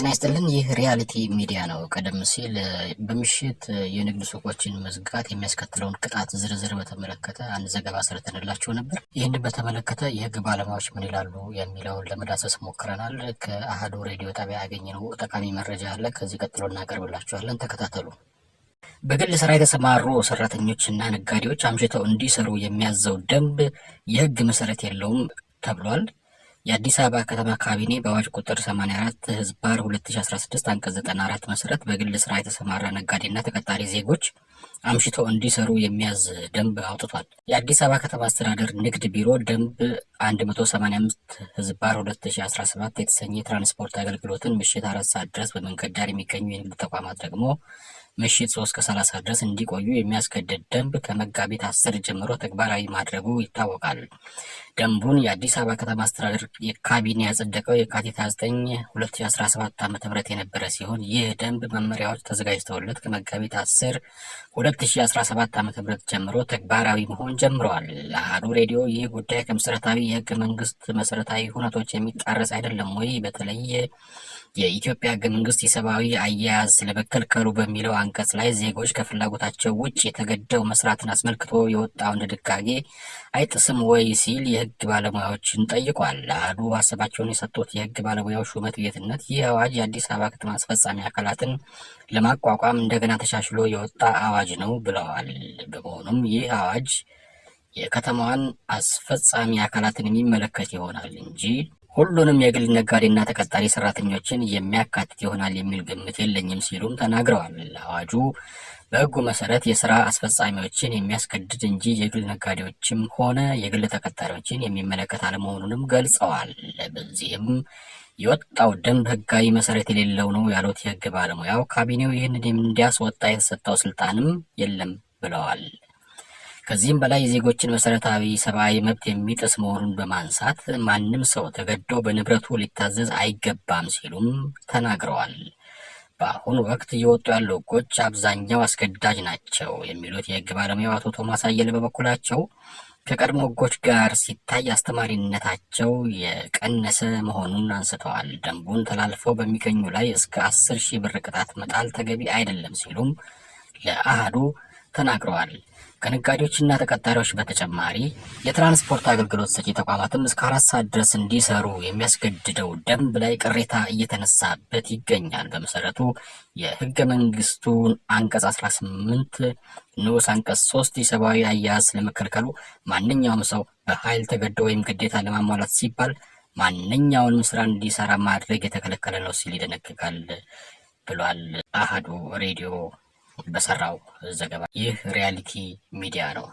ጤና ይስጥልን። ይህ ሪያሊቲ ሚዲያ ነው። ቀደም ሲል በምሽት የንግድ ሱቆችን መዝጋት የሚያስከትለውን ቅጣት ዝርዝር በተመለከተ አንድ ዘገባ ሰርተንላችሁ ነበር። ይህንን በተመለከተ የህግ ባለሙያዎች ምን ይላሉ የሚለውን ለመዳሰስ ሞክረናል። ከአህዱ ሬዲዮ ጣቢያ ያገኘነው ጠቃሚ መረጃ አለ። ከዚህ ቀጥሎ እናቀርብላችኋለን። ተከታተሉ። በግል ስራ የተሰማሩ ሰራተኞችና ነጋዴዎች አምሽተው እንዲሰሩ የሚያዘው ደንብ የህግ መሰረት የለውም ተብሏል። የአዲስ አበባ ከተማ ካቢኔ በአዋጅ ቁጥር 84 ህዝባር 2016 አንቀጽ 94 መሰረት በግል ስራ የተሰማራ ነጋዴና ተቀጣሪ ዜጎች አምሽተው እንዲሰሩ የሚያዝ ደንብ አውጥቷል። የአዲስ አበባ ከተማ አስተዳደር ንግድ ቢሮ ደንብ 185 ህዝባር 2017 የተሰኘ የትራንስፖርት አገልግሎትን ምሽት አራት ሰዓት ድረስ በመንገድ ዳር የሚገኙ የንግድ ተቋማት ደግሞ ምሽት 3 ከ30 ድረስ እንዲቆዩ የሚያስገድድ ደንብ ከመጋቢት አስር ጀምሮ ተግባራዊ ማድረጉ ይታወቃል። ደንቡን የአዲስ አበባ ከተማ አስተዳደር የካቢኔ ያጸደቀው የካቲት 29 2017 ም የነበረ ሲሆን ይህ ደንብ መመሪያዎች ተዘጋጅተውለት ከመጋቢት 10 2017 ሺ አስራ ጀምሮ ተግባራዊ መሆን ጀምረዋል። አዱ ሬዲዮ ይህ ጉዳይ ከመሰረታዊ የህገ መንግስት መሰረታዊ ሁነቶች የሚጣረስ አይደለም ወይ? በተለይ የኢትዮጵያ ህገ መንግስት የሰብአዊ አያያዝ ስለመከልከሉ በሚለው አንቀጽ ላይ ዜጎች ከፍላጎታቸው ውጭ የተገደው መስራትን አስመልክቶ የወጣውን ድንጋጌ አይጥስም ወይ ሲል የህግ ባለሙያዎችን ጠይቋል። ለአሀዱ ሀሳባቸውን የሰጡት የህግ ባለሙያው ሹመት ቤትነት ይህ አዋጅ የአዲስ አበባ ከተማ አስፈጻሚ አካላትን ለማቋቋም እንደገና ተሻሽሎ የወጣ አዋጅ አዋጅ ነው ብለዋል። በመሆኑም ይህ አዋጅ የከተማዋን አስፈጻሚ አካላትን የሚመለከት ይሆናል እንጂ ሁሉንም የግል ነጋዴና ተቀጣሪ ሰራተኞችን የሚያካትት ይሆናል የሚል ግምት የለኝም ሲሉም ተናግረዋል። አዋጁ በሕጉ መሰረት የስራ አስፈጻሚዎችን የሚያስገድድ እንጂ የግል ነጋዴዎችም ሆነ የግል ተቀጣሪዎችን የሚመለከት አለመሆኑንም ገልጸዋል። በዚህም የወጣው ደንብ ህጋዊ መሰረት የሌለው ነው ያሉት የህግ ባለሙያው ካቢኔው ይህንን እንዲያስወጣ የተሰጠው ስልጣንም የለም ብለዋል። ከዚህም በላይ የዜጎችን መሰረታዊ ሰብአዊ መብት የሚጥስ መሆኑን በማንሳት ማንም ሰው ተገዶ በንብረቱ ሊታዘዝ አይገባም ሲሉም ተናግረዋል። በአሁኑ ወቅት እየወጡ ያሉ ህጎች አብዛኛው አስገዳጅ ናቸው የሚሉት የህግ ባለሙያው አቶ ቶማስ አየለ በበኩላቸው ከቀድሞ ህጎች ጋር ሲታይ አስተማሪነታቸው የቀነሰ መሆኑን አንስተዋል። ደንቡን ተላልፈው በሚገኙ ላይ እስከ አስር ሺህ ብር ቅጣት መጣል ተገቢ አይደለም ሲሉም ለአህዱ ተናግረዋል። ከነጋዴዎችና ተቀጣሪዎች በተጨማሪ የትራንስፖርት አገልግሎት ሰጪ ተቋማትም እስከ አራት ሰዓት ድረስ እንዲሰሩ የሚያስገድደው ደንብ ላይ ቅሬታ እየተነሳበት ይገኛል። በመሰረቱ የህገ መንግስቱን አንቀጽ 18 ንዑስ አንቀጽ 3 የሰብአዊ አያያዝ ለመከልከሉ ማንኛውም ሰው በኃይል ተገዶ ወይም ግዴታ ለማሟላት ሲባል ማንኛውንም ስራ እንዲሰራ ማድረግ የተከለከለ ነው ሲል ይደነግጋል ብሏል። አሃዱ ሬዲዮ በሰራው ዘገባ ይህ ሪያሊቲ ሚዲያ ነው